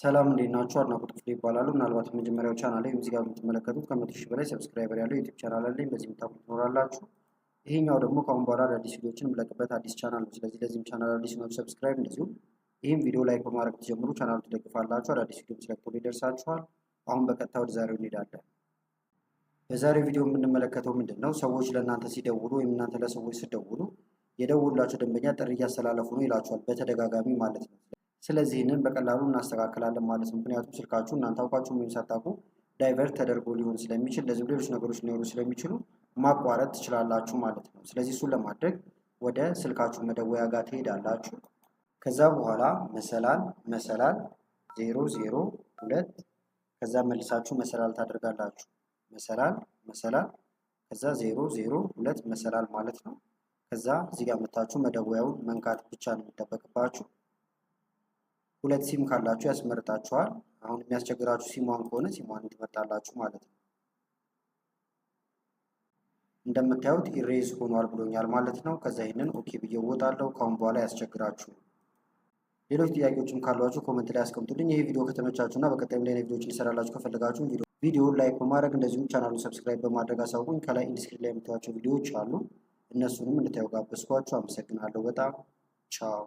ሰላም እንዴት ናችሁ? አድናቆት ክፍሌ ይባላሉ። ምናልባት የመጀመሪያው ቻናል ላይ ዚጋ ጋር የምትመለከቱት ከመቶ ሺህ በላይ ሰብስክራይበር ያለው ዩቲብ ቻናል አለኝ። በዚህ ምታቁ ትኖራላችሁ። ይሄኛው ደግሞ ከአሁን በኋላ አዳዲስ ቪዲዮችን የምለቅበት አዲስ ቻናል ነው። ስለዚህ ለዚህም ቻናል አዲስ ሆናችሁ ሰብስክራይብ፣ እንደዚሁም ይህም ቪዲዮ ላይ በማድረግ ትጀምሩ። ቻናሉ ትደግፋላችሁ። አዳዲስ ቪዲዮ ስለቅቶሎ ይደርሳችኋል። አሁን በቀጥታ ወደ ዛሬው እንሄዳለን። በዛሬው ቪዲዮ የምንመለከተው ምንድን ነው? ሰዎች ለእናንተ ሲደውሉ ወይም እናንተ ለሰዎች ሲደውሉ የደውሉላቸው ደንበኛ ጥሪ እያስተላለፉ ነው ይላችኋል፣ በተደጋጋሚ ማለት ነው። ስለዚህ ይህንን በቀላሉ እናስተካክላለን ማለት ነው። ምክንያቱም ስልካችሁ እናንተ አውቃችሁ ወይም ሳታውቁ ዳይቨርት ተደርጎ ሊሆን ስለሚችል እንደዚህ ሌሎች ነገሮች ሊኖሩ ስለሚችሉ ማቋረጥ ትችላላችሁ ማለት ነው። ስለዚህ እሱን ለማድረግ ወደ ስልካችሁ መደወያ ጋር ትሄዳላችሁ። ከዛ በኋላ መሰላል መሰላል ዜሮ ዜሮ ሁለት ከዛ መልሳችሁ መሰላል ታደርጋላችሁ። መሰላል መሰላል ከዛ ዜሮ ዜሮ ሁለት መሰላል ማለት ነው። ከዛ እዚህ ጋር መታችሁ መደወያውን መንካት ብቻ ነው የሚጠበቅባችሁ። ሁለት ሲም ካላችሁ ያስመርጣችኋል። አሁን የሚያስቸግራችሁ ሲሟን ከሆነ ሲሟን ትመርጣላችሁ ማለት ነው። እንደምታዩት ኢሬዝ ሆኗል ብሎኛል ማለት ነው። ከዛ ይህንን ኦኬ ብዬ እወጣለሁ። ከአሁን በኋላ ያስቸግራችሁ። ሌሎች ጥያቄዎችም ካሏችሁ ኮመንት ላይ አስቀምጡልኝ። ይህ ቪዲዮ ከተመቻችሁ እና በቀጣይም ላይ ቪዲዮዎችን እንሰራላችሁ ከፈለጋችሁ ቪዲዮውን ላይክ በማድረግ እንደዚሁም ቻናሉን ሰብስክራይብ በማድረግ አሳውቁኝ። ከላይ ኢንስክሪን ላይ የምታዩቸው ቪዲዮዎች አሉ። እነሱንም እንድታዩ ጋበዝኳችሁ። አመሰግናለሁ በጣም ቻው።